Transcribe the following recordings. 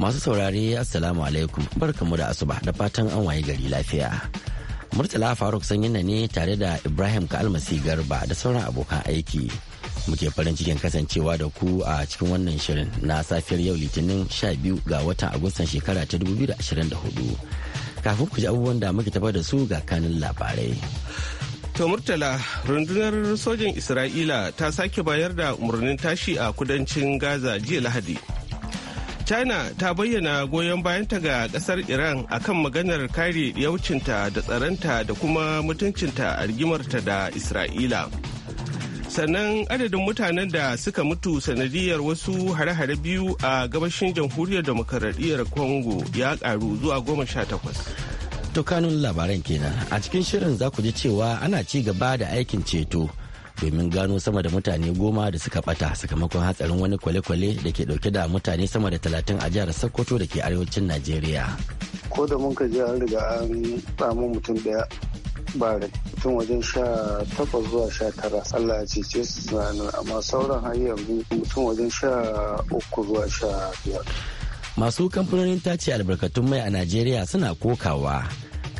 Masu saurare Assalamu alaikum barkamu da asuba da fatan an waye gari lafiya. Murtala Faruk Sanyina ne tare da Ibrahim Kalmasi Garba da sauran abokan aiki. Muke farin cikin kasancewa da ku a cikin wannan shirin na safiyar yau Litinin 12 ga watan Agustan shekara ta 2024. Kafin ku ji abubuwan da muke tafa da su ga kanin labarai. To Murtala, rundunar sojin Isra'ila ta sake bayar da umarnin tashi a kudancin Gaza jiya Lahadi. china ta bayyana goyon bayanta ga kasar iran akan maganar kare yaucinta da tsaronta da kuma mutuncinta a rigimarta da isra'ila sannan adadin mutanen da suka mutu sanadiyar wasu hare-hare biyu a gabashin jamhuriyar demokaradiyyar congo ya karu zuwa goma sha takwas to kanun labaran kenan a cikin shirin za ku ji cewa ana ci gaba da aikin ceto domin gano sama da mutane goma da suka bata sakamakon hatsarin wani kwale-kwale da ke dauke da mutane sama da talatin a jihar sokoto da ke arewacin najeriya ko da mun ka ji an riga an samu mutum daya bare mutum wajen sha takwas zuwa sha tara allah ya cece su tunanin amma sauran har yanzu mutum wajen sha uku zuwa sha biyar masu kamfanonin tace albarkatun mai a najeriya suna kokawa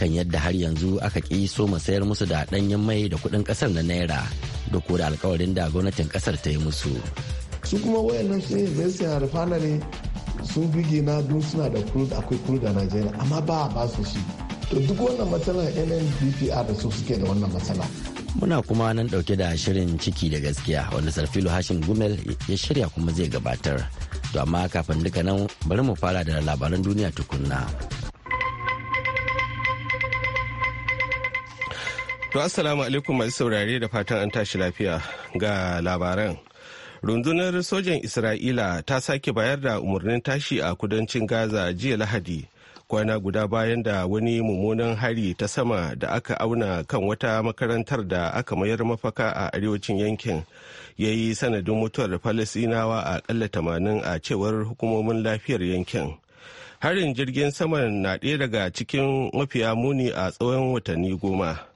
kan yadda har yanzu aka ki so sayar musu da danyen mai da kudin kasar na naira da da alkawarin da gwamnatin kasar ta yi musu. su kuma wayannan su ne sun bige na dun suna da crude akwai crude a Najeriya amma ba ba su shi to duk wannan matsalar NNPPR da su suke da wannan matsala. Muna kuma nan dauke da shirin ciki da gaskiya wanda Sarfilu Hashim Gumel ya shirya kuma zai gabatar. To amma kafin duka nan bari mu fara da labaran duniya tukunna. To assalamu alaikum masu saurare da fatan an tashi lafiya ga labaran. Rundunar sojan Isra'ila ta sake bayar da umarnin tashi a kudancin Gaza jiya Lahadi kwana guda bayan da wani mummunan hari ta sama da aka auna kan wata makarantar da aka mayar mafaka a arewacin yankin ya yi sanadin mutuwar Falasinawa a ƙalla tamanin a cewar hukumomin lafiyar yankin. Harin jirgin saman na ɗaya daga cikin mafiya muni a tsawon watanni goma.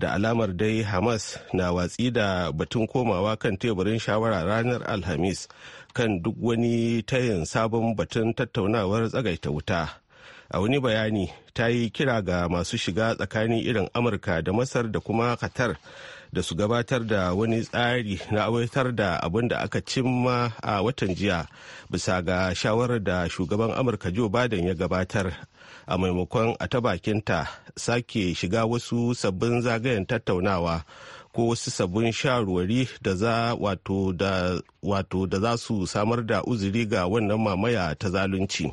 da alamar dai hamas na watsi da batun komawa kan teburin shawara ranar alhamis kan duk wani tayin sabon batun tattaunawar tsagaita wuta a wani bayani ta yi kira ga masu shiga tsakanin irin amurka da masar da kuma qatar da su gabatar da wani tsari na awaitar da abin da aka cimma a watan jiya bisa ga shawarar da shugaban amurka joe biden ya gabatar a maimakon a ta bakinta sake shiga wasu sabbin zagayen tattaunawa ko wasu sabbin sharwari da za wato da wato da za su samar da uzuri ga wannan mamaya ta zalunci.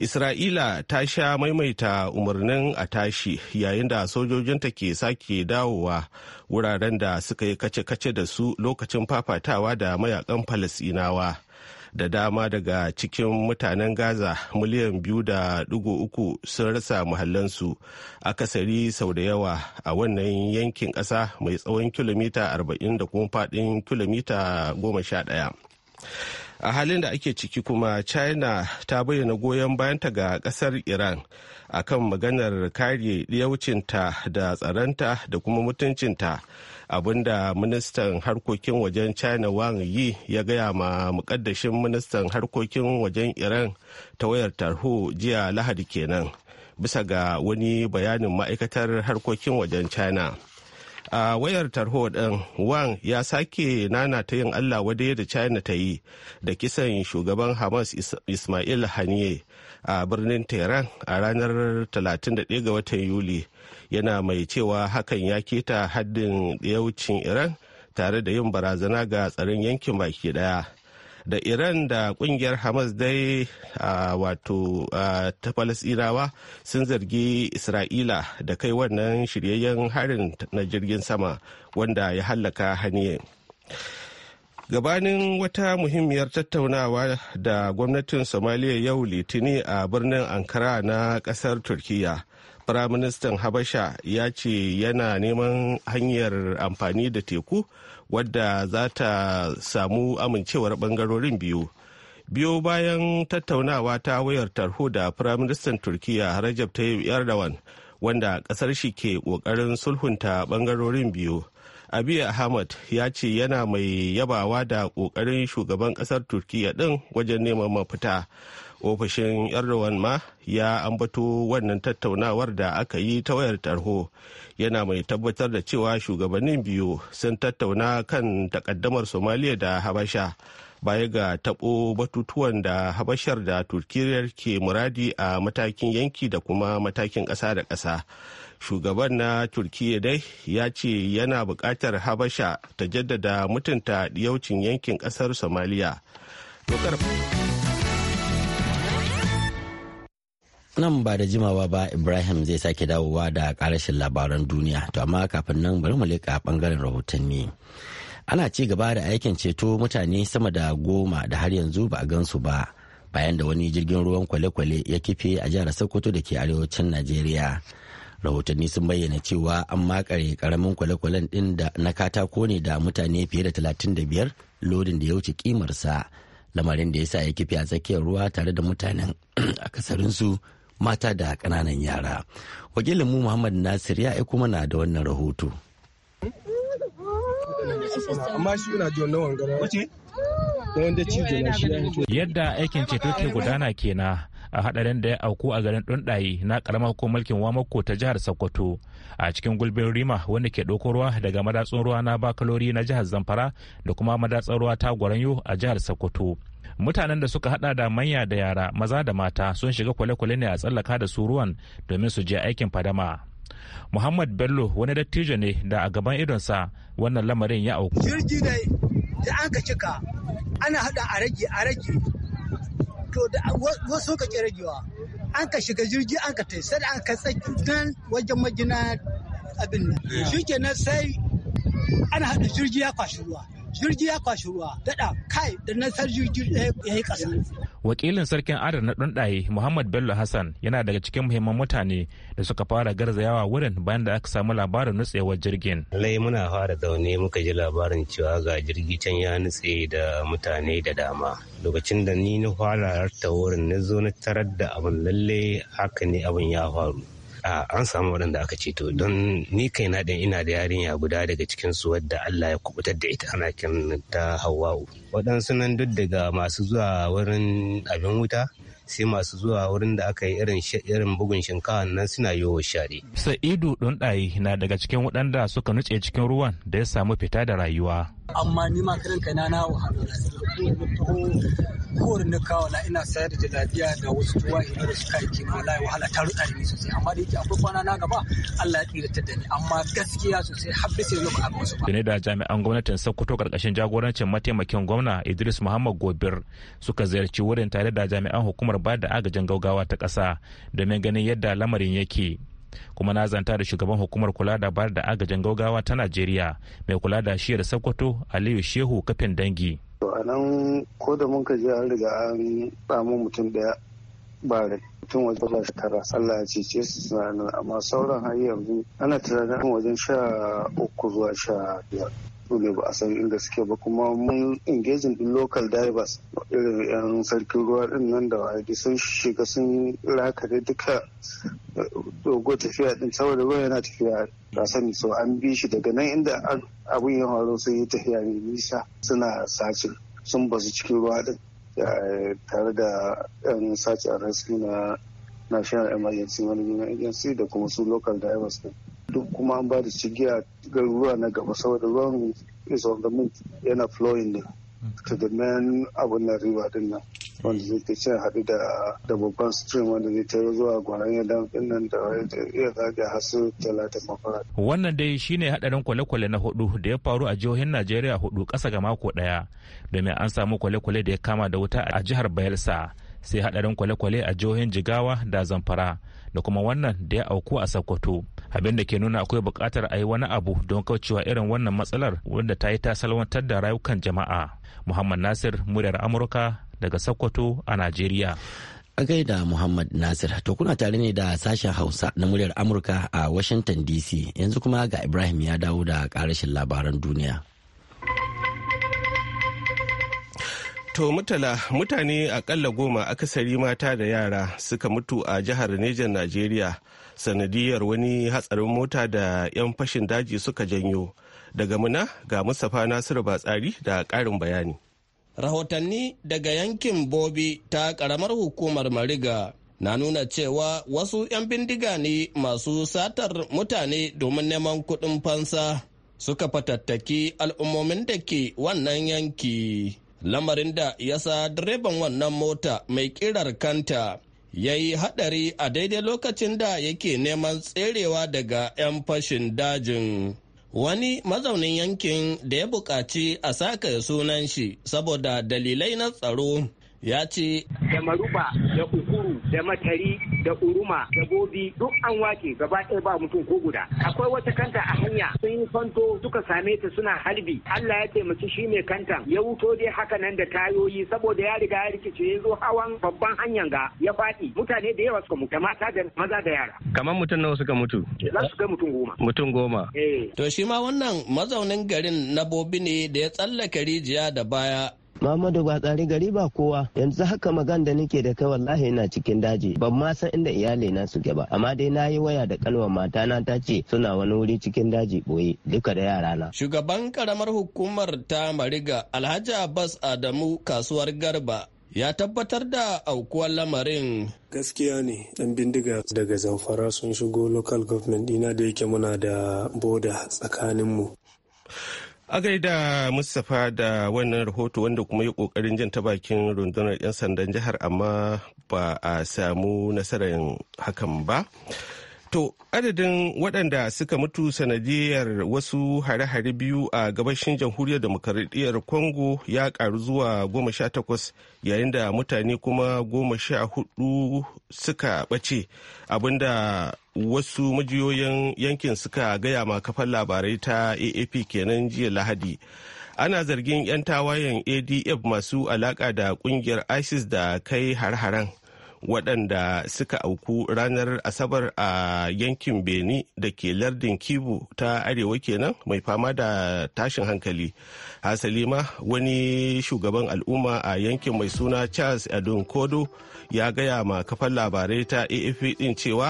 Isra'ila ta sha maimaita umarnin a tashi yayin da sojojinta ke sake dawowa wuraren da suka yi kace-kace da su lokacin fafatawa da mayakan Falasinawa. da dama daga cikin mutanen gaza miliyan biyu da dugu uku sun rasa muhallansu akasari sau da yawa a wannan yankin ƙasa mai tsawon kilomita arba'in da kuma faɗin kilomita goma sha ɗaya. a halin da ake ciki kuma china ta bayyana goyon bayanta ga kasar iran akan maganar kare yaucinta da tsaronta da kuma mutuncinta abinda ministan harkokin wajen china wang yi ya gaya ma mukaddashin ministan harkokin wajen iran ta wayar tarho jiya lahadi kenan bisa ga wani bayanin ma'aikatar harkokin wajen china a wayar tarho din wang ya sake nana ta yin allah wadai da china ta yi da kisan shugaban hamas ismail haniye a birnin tehran a ranar 31 ga watan yuli yana mai cewa hakan ya keta haddin yaucin iran tare da yin barazana ga tsaron yankin baki daya da iran da kungiyar hamas dai wato ta falasirawa sun zargi isra'ila da kai wannan shiryayyen harin na jirgin sama wanda ya hallaka haniye gabanin wata muhimmiyar tattaunawa da gwamnatin somaliya yau litini a birnin ankara na kasar turkiya firaministan habasha ya ce yana neman hanyar amfani da teku wadda za ta samu amincewar bangarorin biyu biyo bayan tattaunawa ta wayar tarho da firaministan turkiya rajab tayyip erdogan wanda kasar shi ke kokarin sulhunta bangarorin biyu abi ahmad ya ce yana mai yabawa da kokarin shugaban kasar turkiya din wajen neman mafita ofishin erdogan ma ya ambato wannan tattaunawar da aka yi ta wayar tarho yana mai tabbatar da cewa shugabannin biyu sun tattauna kan takaddamar somaliya da habasha baya ga tabo batutuwan da habashar da turkiyar ke muradi a matakin yanki da kuma matakin ƙasa da ƙasa shugaban na turkiyya dai ya ce yana bukatar habasha ta jaddada mutunta diyaucin yankin ƙasar somaliya nan ba da jimawa ba ibrahim zai sake dawowa da karashin labaran duniya to amma kafin nan bari mu leka bangaren rahotanni ana ci gaba da aikin ceto mutane sama da goma da har yanzu ba a gansu ba bayan da wani jirgin ruwan kwale-kwale ya kife a jihar sokoto da ke arewacin najeriya rahotanni sun bayyana cewa an makare karamin kwale-kwalen din da na katako ne da mutane fiye da talatin da biyar lodin da ya wuce kimarsa lamarin da ya sa ya kife a tsakiyar ruwa tare da mutanen akasarinsu mata da ƙananan yara wakilin mu muhammad nasir ya aiko mana da wannan rahoto yadda aikin ceto ke gudana kenan a hadarin da ya auku a garin Dundaye na karamar mulkin Wamako ta jihar Sokoto a cikin gulbin Rima wanda ke ɗauko ruwa daga madatsun ruwa na Bakalori na jihar Zamfara da kuma madatsun ruwa ta Gwaranyo a jihar Sokoto. mutanen da suka hada da manya da yara maza da mata sun shiga kwale-kwale ne a tsallaka da su ruwan domin su je aikin fadama muhammad bello wani dattijo ne da a gaban idonsa wannan lamarin ya auku jirgi da da aka cika ana hada a rage a rage to da wasu ka ragewa an ka shiga jirgi an ka tai sai an ka tsakin wajen majina abin nan shikenan sai ana hada jirgi ya kwashi ruwa jirgi ya kwashi ruwa daɗa kai da nasar jirgi eh, ya yi ƙasa. wakilin sarkin adar na ɗanɗaye muhammad bello hassan yana daga cikin muhimman mutane da suka fara garzayawa wurin bayan da aka samu labarin nutsewar jirgin. lai muna fara zaune muka ji labarin cewa ga jirgi can ya nutse da mutane da dama lokacin da ni na fara ta wurin na zo na tarar da abin lalle haka ne abin ya faru an samu waɗanda aka ceto don ni kai na ɗin ina da yarinya guda daga cikin su wadda Allah ya kubutar da ita ana kiran ta Hawwa'u waɗansu nan duk daga masu zuwa wurin abin wuta sai masu zuwa wurin da aka yi irin irin bugun shinkawa nan suna yi wa share. Sa'idu Dundayi na daga cikin waɗanda suka nutse cikin ruwan da ya samu fita da rayuwa. amma ni ma kiran kaina na wahala da kowar na kawo na ina sayar da lafiya da wasu tuwa ina da suka yi ma ya wahala ta rutsa ni sosai amma da yake akwai kwana na gaba Allah ya tsirata da ni amma gaskiya sosai har sai lokacin wasu ba ne da jami'an gwamnatin Sokoto karkashin jagorancin mataimakin gwamna Idris Muhammad Gobir suka ziyarci wurin tare da jami'an hukumar bada agajin gaugawa ta ƙasa domin ganin yadda lamarin yake kuma na zanta da shugaban hukumar kula da bayar da agajin gaugawa ta najeriya mai kula da da sokoto aliyu shehu kafin dangi to a nan ko da mun je an riga an samu mutum daya ba rai mutum waje ba shekara allah ya ce su amma sauran har yanzu ana tunanin wajen sha uku zuwa sha biyar su ne ba a san inda suke ba kuma mun engaging the local divers irin yan sarkin ruwa din nan da wa'adi sun shiga sun da duka dogo tafiya din saboda ruwa yana tafiya ba sani so an bi shi daga nan inda abun ya horo sun yi tafiya ne nisa suna sace sun basu cikin ruwa din tare da yan sace a na national emergency management agency da kuma su local divers din duk kuma an ba da cigiya garuruwa na gaba saboda ruwan is on the move yana flowing ne to the main abun na riba din nan wanda zai ta cin haɗu da da babban stream wanda zai tayar zuwa gwaran ya dam nan da ya zage hasu talatin mafara. Wannan dai shine haɗarin kwale-kwale na hudu da ya faru a jihohin Najeriya hudu ƙasa ga mako ɗaya domin an samu kwale-kwale da ya kama da wuta a jihar Bayelsa sai haɗarin kwale-kwale a jihohin Jigawa da Zamfara da kuma wannan da ya auku a Sokoto. abin da ke nuna akwai buƙatar a yi wani abu don kaucewa irin wannan matsalar wanda ta yi ta salwantar da rayukan jama'a muhammad nasir muryar amurka daga sokoto a najeriya a gaida muhammad nasir to kuna tare ne da sashen hausa na muryar amurka a washington dc yanzu kuma ga ibrahim ya dawo da karashin labaran duniya To mutala mutane akalla goma akasari mata da yara suka mutu a jihar Nejan Najeriya sanadiyar wani hatsarin mota da 'yan fashin daji suka janyo. Daga muna ga Mustapha Nasiru Batsari da ƙarin bayani. Rahotanni daga yankin Bobi ta ƙaramar hukumar Mariga na nuna cewa wasu 'yan bindiga ne masu satar mutane domin neman kuɗin fansa suka fatattaki al'ummomin da ke wannan yanki. lamarin da ya sa direban wannan mota mai kirar kanta ya yi haɗari a daidai lokacin da yake neman tserewa daga 'yan fashin dajin. Wani mazaunin yankin da ya buƙaci a saka sunan shi saboda dalilai na tsaro ya ce da maruba da ukuru da matari da uruma da bobi duk an wake gaba ɗaya ba mutum ko guda akwai wata kanta a hanya sun yi fanto suka same ta suna harbi Allah ya taimaki shi mai kantan ya wuto dai haka nan da tayoyi saboda ya riga ya rikice ya zo hawan babban hanyan ga ya faɗi mutane da yawa suka mutu da mata da maza da yara kamar mutum nawa suka mutu za su kai mutum goma mutum goma eh. to shi ma wannan mazaunin garin na bobi ne da ya tsallaka rijiya da baya Muhammadu ba tsari gari ba kowa yanzu haka magan da nake da kai wallahi ina cikin daji ban ma san inda iyali na suke ba amma dai na yi waya da kalwa mata na ta ce suna wani wuri cikin daji boye duka da yara na. Shugaban karamar hukumar ta Mariga Alhaji Abbas Adamu kasuwar Garba ya tabbatar da aukuwar lamarin gaskiya ne dan bindiga daga zamfara sun shigo local government dina da yake muna da boda tsakaninmu A gaida Mustapha da wannan rahoto wanda kuma yi kokarin jin ta bakin rundunar 'yan sandan jihar amma ba a samu nasarar hakan ba. To, adadin waɗanda suka mutu sanadiyar wasu hare-hare biyu a gabashin jamhuriyar demokaradiyyar Congo ya karu zuwa goma sha takwas yayin da mutane kuma goma sha hudu suka ɓace abinda wasu majiyoyin yankin suka gaya ma kafar labarai ta AAP kenan jiya Lahadi. Ana zargin 'yan tawayen ADF masu alaka da kungiyar ISIS da kai har-haren waɗanda suka auku ranar Asabar a yankin Beni da ke lardin Kibu ta arewa kenan mai fama da tashin hankali. Hasali ma wani shugaban al'umma a yankin mai suna Charles Adon Kodo ya gaya ma kafar labarai ta afp din cewa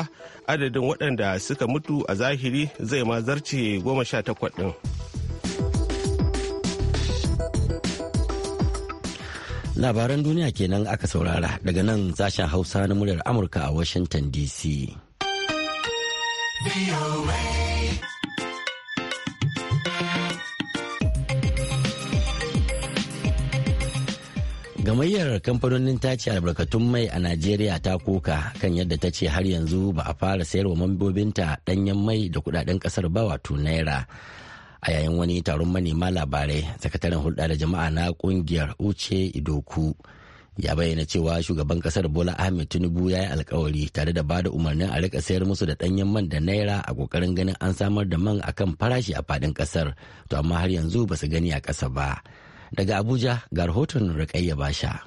adadin waɗanda suka mutu a zahiri zai ma zarce goma sha takwas ɗin labaran duniya kenan aka saurara daga nan sashen hausa na muryar amurka a washington dc Gamayyar kamfanonin tace albarkatun mai a Najeriya ta koka kan yadda ta ce har yanzu ba a fara sayar wa mambobinta ɗanyen mai da kudaden kasar ba wato naira. A yayin wani taron manema labarai, sakataren hulɗa da jama'a na kungiyar Uche Idoku ya bayyana cewa shugaban kasar Bola Ahmed Tinubu ya yi alkawari tare da bada umarnin a rika sayar musu da ɗanyen man da naira a kokarin ganin an samar da man akan farashi a faɗin kasar, to amma har yanzu ba su gani a ƙasa ba. Daga Abuja ga rahoton Rukayya Basha.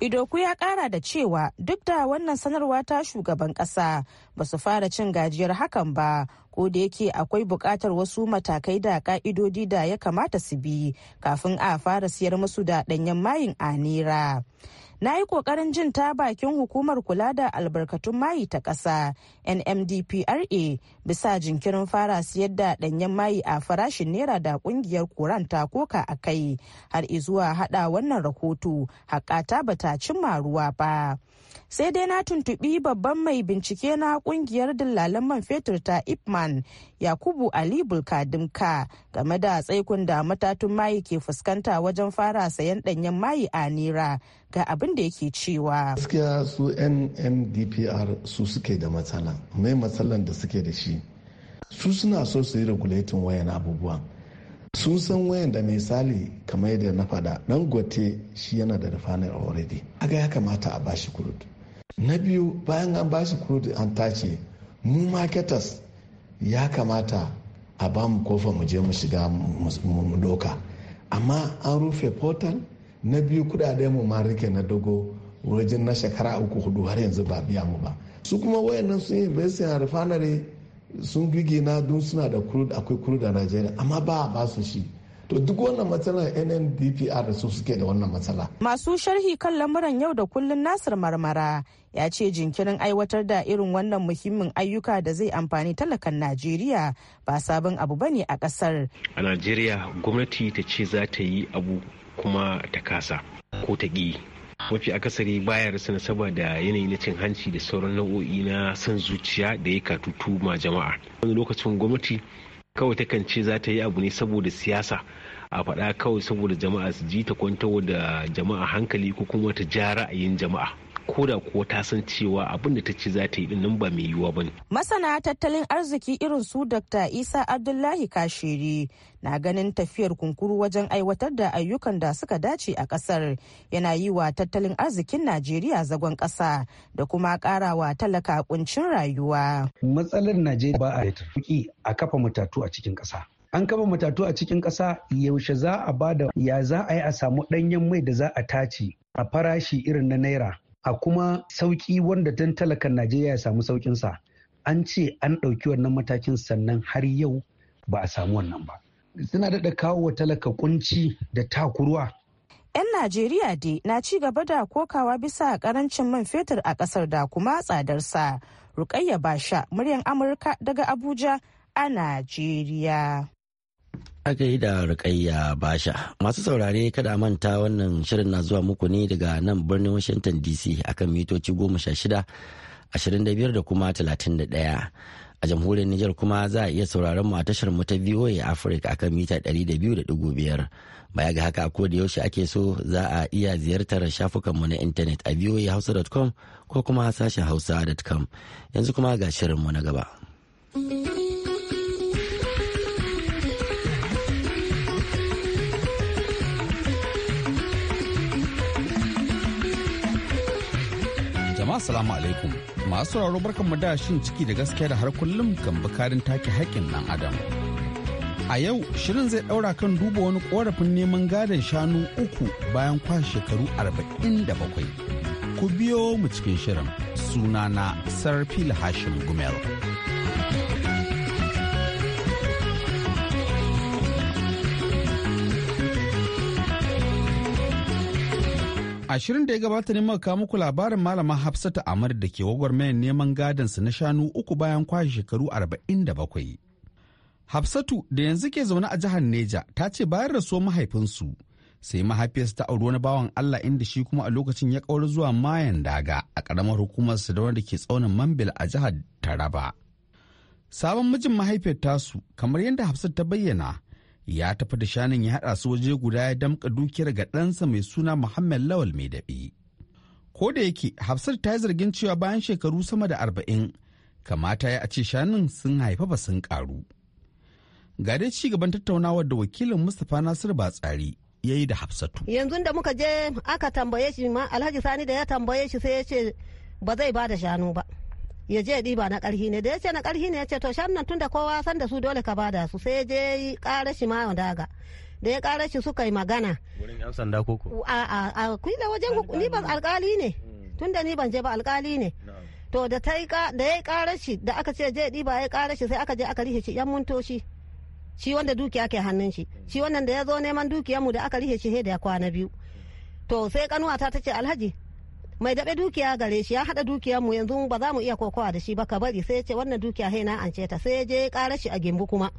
Idoku ya kara da cewa duk da wannan sanarwa ta shugaban kasa ba su fara cin gajiyar hakan ba ko da yake akwai bukatar wasu matakai da ka'idodi da ya kamata su bi kafin a fara siyar musu da danyen mayin anira. na yi kokarin jin ta bakin hukumar kula da albarkatun mayi ta ƙasa nmdpra bisa jinkirin fara siyar da ɗanyen mayi a farashin naira da ƙungiyar koran ta koka a kai har izuwa haɗa wannan rahoto haƙata ta cimma ruwa ba sai dai na tuntuɓi babban mai bincike na ƙungiyar dillalan man fetur ta ipman yakubu ali bulkadimka game da tsaikun da matatun mayi ke fuskanta wajen fara sayan ɗanyen mayi a naira ga abin da yake cewa gaskiya su nmdpr su suke da matsala mai matsalan da suke da shi su suna so su yi regulatin wayan abubuwan. sun san wayan da misali kamar yadda na faɗa ɗan gote shi yana da refinery already aga ya kamata a bashi kurud na biyu bayan an bashi kurud an tace mu maketas ya kamata a ba mu kofa mu je mu shiga mu doka amma an rufe portal na biyu kuɗaɗe mu ma rike na dogo wajen na shekara uku hudu har yanzu ba biya mu ba su kuma wayannan sun yi investing a refinery sun gige na dun suna da crude akwai crude a Najeriya amma ba a basu shi to duk wannan matsalar nndpr su suke da wannan matsala. masu sharhi kan lamuran yau da kullun nasir marmara ya ce jinkirin aiwatar da irin wannan muhimmin ayyuka da zai amfani talakan najeriya ba sabon abu bane a kasar a najeriya gwamnati ta ce za ta yi abu kuma ta kasa ko ta ƙi mafi akasari baya rasa nasaba da yanayi na cin hanci da sauran nau'o'i na son zuciya da ya tutu ma jama'a wani lokacin gwamnati kawai ta kance za ta yi abu ne saboda siyasa a faɗa kawai saboda jama'a su ji ta kwantar da jama'a hankali ko kuma ta ja ra'ayin jama'a ko da kuwa ta san cewa abin da ta ce za ta yi dinnan ba mai yiwuwa ba Masana tattalin arziki irin su Dr. Isa Abdullahi Kashiri na ganin tafiyar kunkuru wajen aiwatar da ayyukan da suka dace a kasar yana yi wa tattalin arzikin Najeriya zagon ƙasa da kuma ƙarawa talaka kuncin rayuwa. Matsalar Najeriya ba a yi a kafa matatu a cikin ƙasa. an kama matatu a cikin ƙasa yaushe za a bada ya za a yi a samu ɗanyen mai da za a tace a farashi irin na naira a kuma sauki wanda dan talakan najeriya ya samu saukinsa an ce an ɗauki wannan matakin sannan har yau ba a samu wannan ba suna daɗa kawo wa talaka kunci da takurwa 'Yan Najeriya dai na ci gaba da kokawa bisa ƙarancin man fetur a ƙasar da kuma tsadarsa. Rukayya Basha, muryar Amurka daga Abuja a Najeriya. aka yi da rikayya basha masu saurare kada manta wannan shirin na zuwa muku ne daga nan birnin washington dc akan mitoci goma sha shida da biyar da kuma talatin da ɗaya a jamhuriyar Nijar kuma za a iya sauraron mu a tashar mu ta VOA Africa akan mita ɗari da da 200.5 baya ga haka ko da yaushe ake so za a iya ziyartar shafukan mu na intanet a voahausa.com ko kuma sashen hausa.com yanzu kuma ga shirin mu na gaba. jama'a salamu alaikum masu sauraro mu da shin ciki da gaskiya da har kullum kan bukarin take haƙƙin ɗan adam a yau shirin zai ɗaura kan duba wani ƙorafin neman gadon shanu uku bayan kwashe shekaru arba'in da bakwai ku biyo mu cikin shirin sunana sarfil hashim gumel. Ashirin da ya gabata ne muka muku labarin malama Hafsatu Amar da ke mayan neman gadansu na shanu uku bayan kwashe shekaru arba'in da bakwai. Hafsatu da yanzu ke zaune a jihar Neja ta ce bayan rasuwar mahaifinsu sai mahaifiyarsa ta auri wani bawan Allah inda shi kuma a lokacin ya kawar zuwa mayan daga a karamar hukumar su da wanda ke tsaunin Mambil a jihar Taraba. Sabon mijin mahaifiyar tasu kamar yadda Hafsat ta bayyana ya tafi da shanun ya haɗa su waje guda ya damka dukiyar ga ɗansa mai suna Muhammad Lawal mai daɓi. Ko da yake Hafsat ta yi zargin cewa bayan shekaru sama da arba'in kamata ya a ce shanun sun haifa ba sun karu. Ga dai ci gaban tattaunawar da wakilin Mustapha Nasir Batsari ya yi da Hafsatu. Yanzu da muka je aka tambaye shi ma Alhaji Sani da ya tambaye shi sai ya ce ba zai ba da shanu ba. ya je ɗiba na ƙarhi ne da ya ce na ƙarhi ne ya ce to shannan tunda kowa san da su dole ka bada su sai je ƙara shi mawa daga da ya ƙara shi suka yi magana wurin yan sanda koko a a a kila wajen ni ban alƙali ne mm. tunda ni ban je ba alƙali ne to da ta da ya ƙara shi da aka ce je ɗiba ya ƙara shi sai aka je aka rihe shi yan muntoshi shi wanda dukiya ke hannun shi mm. shi wannan da ya zo neman dukiyarmu da aka rihe shi da ya kwana biyu to sai kanuwata ta ce alhaji mai daɓe dukiya gare shi ya haɗa dukiyar mu yanzu ba za mu iya kokowa da shi ba ka bari sai ya ce wannan dukiya hei na ance ta sai ya je ƙara shi a gembu kuma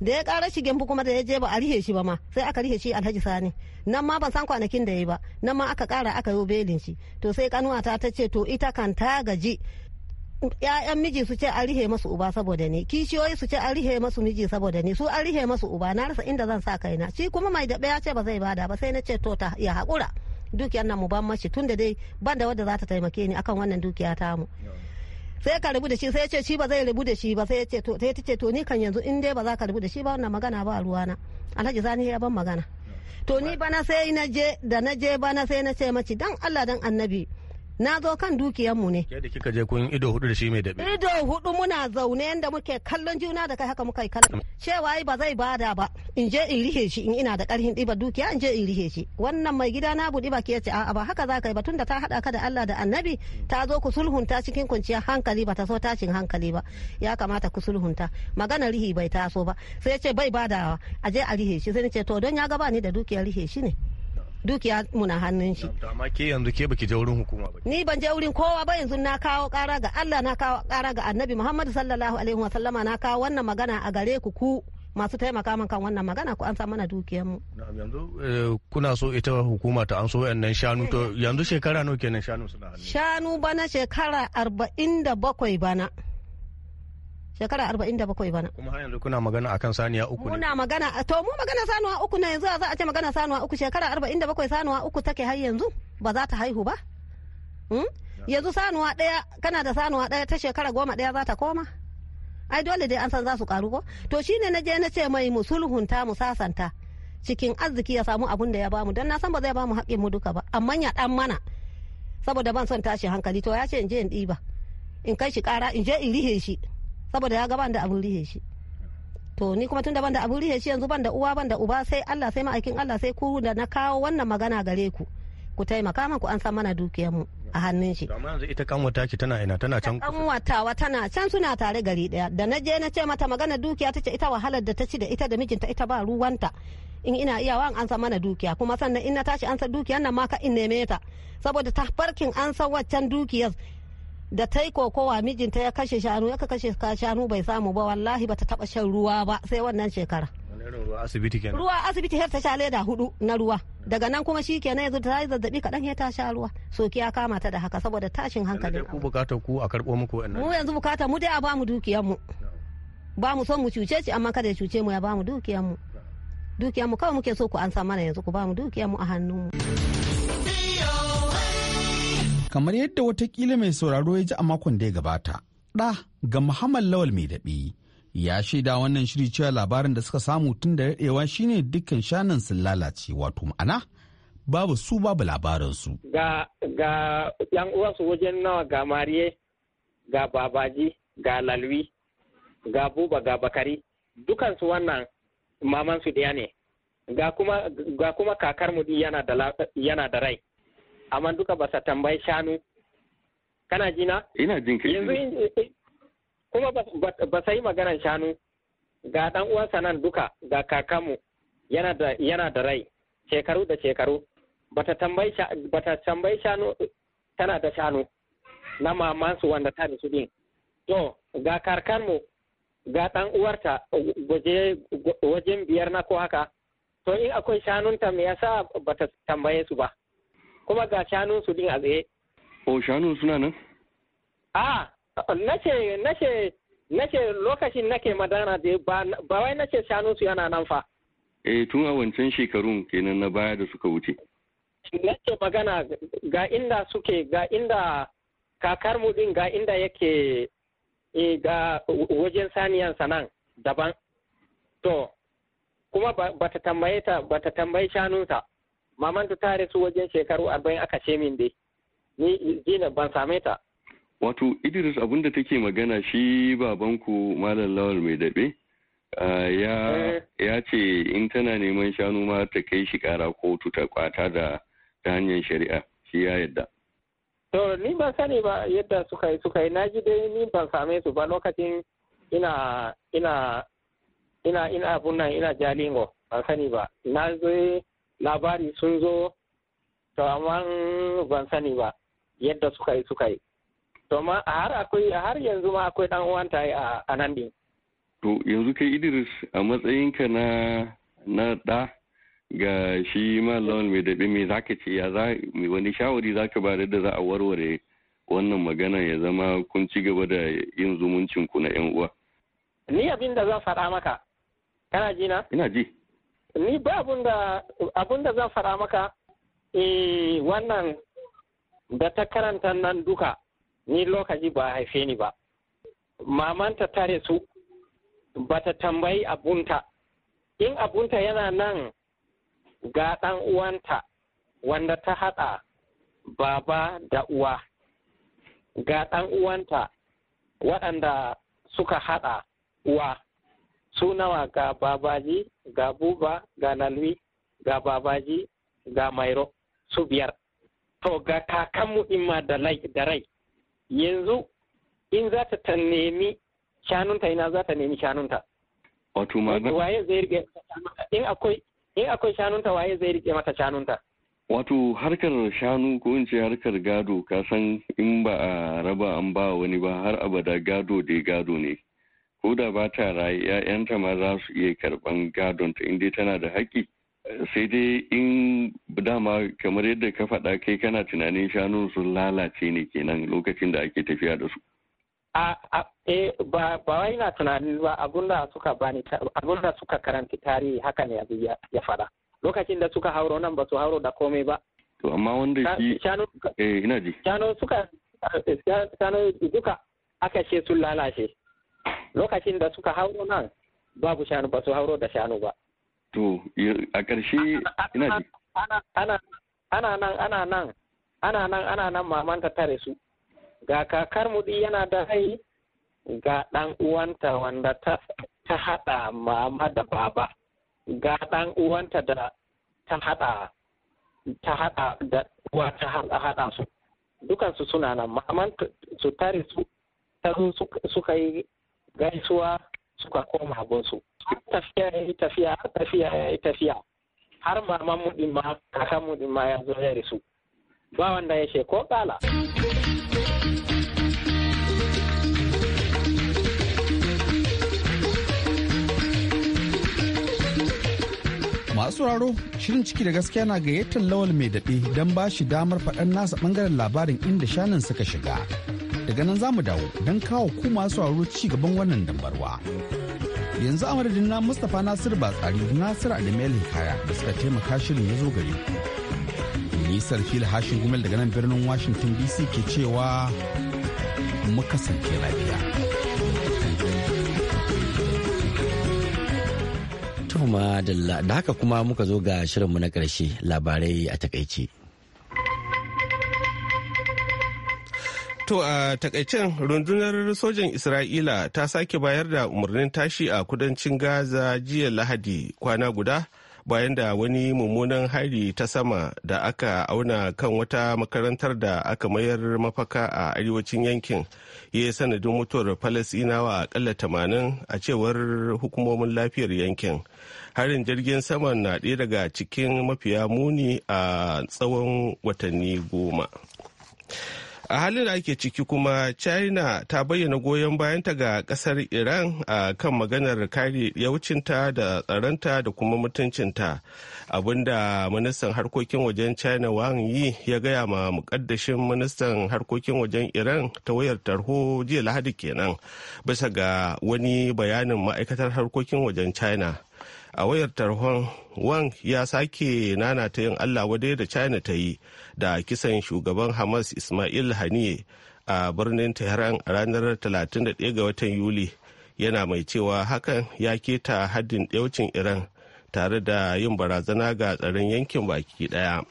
da ya ƙara shi gembu kuma da ya je ba a rihe shi ba ma sai aka rihe shi alhaji sani nan ma ban san kwanakin da ya ba nan ma aka ƙara aka yi belin shi to sai kanuwata ta ce to ita kan ta gaji ‘ya'yan miji su ce an rihe masu uba saboda ni kishiyoyi su ce an rihe masu miji saboda ni su an rihe masu uba na rasa inda zan sa kaina shi kuma mai daɓe ya ce ba zai bada ba sai na ce to ta ya haƙura dukiyar nan mu ban mashi tunda dai ban da wadda za ta taimake ni akan wannan dukiya ta mu sai ka rubu da shi sai ce shi ba zai rubu da shi ba sai ce to sai ta ce to ni kan yanzu in dai ba za ka rubu da shi ba wannan magana ba a ruwana alhaji zani ya ban magana to ni bana sai na je da na je bana sai na ce mace dan Allah dan annabi na zo kan dukiyanmu ne. Ke da kika je kun ido hudu da shi mai dabe. Ido hudu muna zaune yadda muke kallon juna da kai haka muka yi kallon. Cewa ba zai bada ba in je in rihe shi in ina da karhin ɗiba dukiya in je in rihe shi. Wannan mai gida na buɗi ba ke ce a'a ba haka za ka yi ba tunda ta haɗa ka da Allah da annabi ta zo ku sulhunta cikin kwanciyar hankali ba ta so tashin hankali ba ya kamata ku sulhunta magana rihi bai taso ba sai ce bai badawa a je a rihe shi sai ce to don ya gaba ni da dukiya rihe shi ne. dukiya muna hannun shi amma ke yanzu ke baki je wurin hukuma ba ni ban je wurin kowa ba yanzu na kawo kara ga Allah na kawo kara ga Annabi Muhammad sallallahu alaihi wa sallama na kawo wannan magana a gare ku ku masu taimaka min kan wannan magana ku an sa mana dukiyar mu. yanzu eh, kuna so ita hukuma ta an so wayannan shanu to eh. yanzu shekara nawa kenan shanu suna hannu. Shanu bana shekara 47 bana. shekara arba'in da bakwai bana. Kuma har yanzu kuna magana akan saniya uku ne. Muna magana to mu magana sanuwa uku ne yanzu za a ce magana sanuwa uku shekara arba'in da bakwai sanuwa uku take har yanzu ba za ta haihu ba. Hmm? Yanzu sanuwa ɗaya kana da sanuwa ɗaya ta shekara goma ɗaya za ta koma. Ai dole dai an san za su karu ko. To shine na je na ce mai mu sulhunta mu sasanta. cikin arziki ya samu abun da ya bamu don na san ba zai bamu haƙƙin mu duka ba amma ya dan mana saboda ban son tashi hankali to ya ce in je in ɗiba in kai shi ƙara in je in rihe shi saboda ya gaban da abin rihe shi to ni kuma tun da ban da abin rihe shi yanzu ban da uwa ban da uba sai Allah sai ma'aikin Allah sai ku da na kawo wannan magana gare ku ku taimaka min ku an san mana dukiyar mu a hannun shi amma yanzu ita wata ki tana ina tana can wata tana can suna tare gari daya da na je na ce mata magana dukiya tace ita wahalar da ta ci da ita da mijinta ita ba ruwanta in ina iyawa an san mana dukiya kuma sannan in na tashi an san dukiyar nan ma ka in neme ta saboda ta farkin an san waccan dukiyar da ta yi kokowa mijinta ya kashe shanu ya kashe shanu bai samu ba wallahi ta taba shan ruwa ba sai wannan shekara ruwa asibiti har ta sha leda hudu na ruwa daga nan kuma shi kenan yanzu ta yi zazzabi kaɗan ya ta sha ruwa soki ya kama ta da haka saboda tashin hankali ku bukata ku a karɓo muku mu yanzu bukata mu dai a bamu dukiyar mu ba mu son mu cuce ci amma kada ya cuce mu ya bamu dukiyanmu mu mu kawai muke so ku an san mana yanzu ku bamu dukiyanmu mu a hannun mu Kamar yadda watakila mai sauraro ya ji a makon da ya gabata, ɗa ga Muhammad Lawal mai daɓi ya shaida wannan shiri cewa labarin da suka samu tun da daɗewa shine dukkan shanan sun lalace wato ma'ana babu su babu labarinsu. Ga ga yan uwansu wajen nawa ga Mariye, ga Babaji, ga Lalwi, ga Buba, ga Bakari, dukansu wannan mamansu ɗaya ne. Ga kuma, ga kuma kakar mu yana da rai. amma duka ba sa tambayi shanu kana jina ina jin kai eh, yanzu eh, kuma ba sa yi maganar shanu ga dan uwansa nan duka ga kakamu yana da yana da rai shekaru da shekaru bata tambayi bata tambayi shanu tana da shanu na mamansu wanda ta da su din to ga karkarmu ga ɗan uwarta wajen biyar na ko haka to in akwai shanunta me yasa bata tambaye su ba kuma ga shanun su din a tsaye o shanun suna nan a nace nace nace lokacin nake madana da ba wai nace shanun su yana nan fa e tun a wancan shekarun kenan na baya da suka wuce nace magana ga inda suke ga inda kakar mu din ga inda yake eh, ga wajen saniyan sanan daban to kuma ba ta tambaye ta ba ta tambayi shanunsa maman ta tare su wajen shekaru arba'in aka ce min dai ni jina ban same ta wato idris abin da take magana shi babanku malam lawal mai daɓe eh. ya ce in tana neman shanu ma ta kai shi kara kotu ta kwata da ta hanyar shari'a shi ya yadda to ni ban sani ba yadda suka yi suka yi na ji dai ni ban same su ba lokacin ina ina ina ina abun nan ina jalingo ban sani ba na zo labari sun zo to amma ban sani ba yadda suka yi suka yi to ma har akwai har yanzu ma akwai dan uwan ta a anan din to yanzu kai Idris a matsayinka na na da ga shi lawan mai daɓe mai zaka ce ya za wani shawari zaka ba da za a warware wannan magana ya zama kun ci gaba da yin zumuncin ku na yan uwa ni abin da zan faɗa maka kana ji na ina ji ni ba abun da zan fara maka eh wannan da ta karanta nan duka ni lokaci ba haife ni ba mamanta tare su ba ta tambayi abunta in abunta yana nan ga ɗan uwanta wanda ta haɗa baba da uwa ga ɗan uwanta waɗanda suka haɗa uwa su nawa ga babaji ga buba ga nalwi ga babaji ga mairo su biyar to ga kakanmu imma da da rai yanzu in za ta ta nemi shanunta ina za ta nemi shanunta wato magana waye zai rike in akwai in akwai shanunta waye zai rike mata shanunta wato harkar shanu ko in ce harkar gado ka san in ba a raba an ba wani ba har abada gado da gado ne ko da ba ta raye 'ya'yanta ma za su iya karban gadon ta inda tana da haƙƙi sai dai in dama kamar yadda ka faɗa kai kana tunanin shanu sun lalace ne kenan lokacin da ake tafiya da su A eh, ba wai na tunanin ba abunda suka bani abunda suka karanta tarihi haka ne abu ya fara lokacin da suka hauro nan ba su hauro da komai ba to amma wanda shi eh ina ji Shanu suka eh, shanu duka aka ce sun lalace lokacin da suka hauro nan babu shanu ba su hauro da shanu ba to a ƙarshe ina ji ana nan ana nan ana nan ana nan maman ta tare su ga kakar mudi yana da hai ga ɗan uwanta wanda ta ta haɗa mama da baba ga ɗan uwanta da ta haɗa ta haɗa da uwa ta haɗa su dukansu suna nan maman su tare su ta zo suka yi gaisuwa suka koma gunsu tafiya ya yi tafiya tafiya ya yi tafiya har maman mu ma kakan mu ma ya zo ya risu ba wanda ya ce ko kala masu raro shirin ciki da gaskiya na gayyatar lawal mai daɗe don ba shi damar faɗan nasa ɓangaren labarin inda shanun suka shiga daga nan za mu dawo don kawo ku masu auro ci gaban wannan dambarwa yanzu a madadin na mustapha nasir batsari nasir melin kaya da suka taimaka shirin ya zo gare nisar fil hashin gumel daga nan birnin washington dc ke cewa mu kasance lafiya tuhuma da haka kuma muka zo ga shirinmu na karshe labarai a takaici To a takaicen rundunar sojan Isra'ila ta sake bayar da umarnin tashi a kudancin Gaza jiya Lahadi kwana guda bayan da wani mummunan hari ta sama da aka auna kan wata makarantar da aka mayar mafaka a arewacin yankin ya yi sanadin mutuwar Falasinawa akalla tamanin a cewar hukumomin lafiyar yankin. Harin jirgin sama na ɗaya daga cikin mafiya muni a tsawon watanni goma. a halin da ake ciki kuma china ta bayyana goyon bayanta ga kasar iran a kan maganar kare yawucinta da tsaronta da kuma mutuncinta abinda ministan harkokin wajen china wang yi ya gaya ma mukaddashin ministan harkokin wajen iran ta wayar tarho jiya lahadi kenan bisa ga wani bayanin ma'aikatar harkokin wajen china a wayar tarhon wang ya sake nana ta yin allah wadai da china ta yi da kisan shugaban hamas ismail haniye a birnin tehran a ranar 31 ga watan yuli yana mai cewa hakan ya keta haddin daucin iran tare da yin barazana ga tsaron yankin baki daya.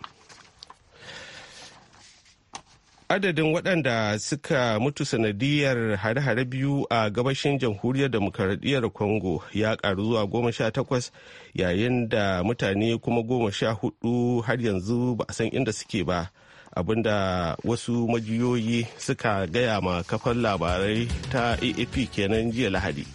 adadin waɗanda suka mutu sanadiyar hare-hare biyu a gabashin jamhuriyar demokaradiyyar congo ya ƙaru zuwa goma sha takwas yayin da mutane kuma goma sha hudu har yanzu ba a san inda suke ba abinda wasu majiyoyi suka gaya ma kafan labarai ta aap kenan jiya lahadi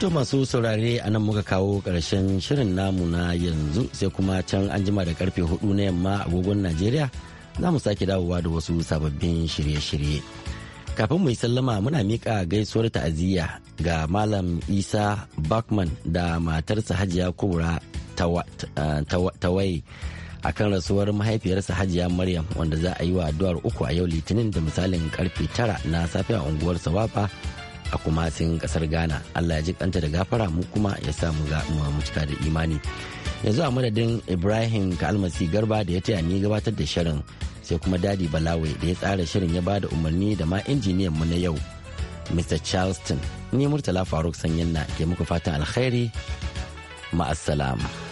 To masu saurare a nan muka kawo ƙarshen shirin namu na yanzu sai kuma can an jima da karfe hudu na yamma agogon Najeriya za mu sake dawowa da wasu sababbin shirye-shirye. Kafin mu sallama muna miƙa gaisuwar ta'aziyya ga Malam Isa Bachman da matarsa Hajiya Kubra Tawai a kan rasuwar mahaifiyarsa Hajiya Maryam wanda za a yi wa addu'ar uku a yau Litinin da misalin karfe tara na safe a unguwar Sawafa a kumasin kasar Ghana. Allah ya ji kanta da gafara mu kuma ya sa mu da imani. Yanzu a madadin Ibrahim Kalmasi Garba da ya taya ni gabatar da shirin. sai kuma dadi balawe da ya tsara shirin ya bada umarni da ma injiniyan mu na yau mr charleston ni murtala faruk sanyin na ke muku fatan alkhairi ma'assalam.